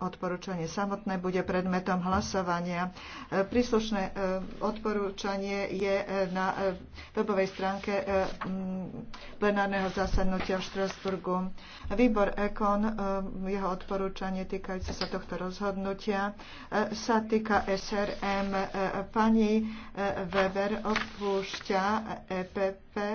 odporúčanie samotné bude predmetom hlasovania. E, príslušné e, odporúčanie je e, na webovej stránke plenárneho zasadnutia v Štrasburgu. Výbor EKON, jeho odporúčanie týkajúce sa tohto rozhodnutia, sa týka SRM. Pani Weber opúšťa EPP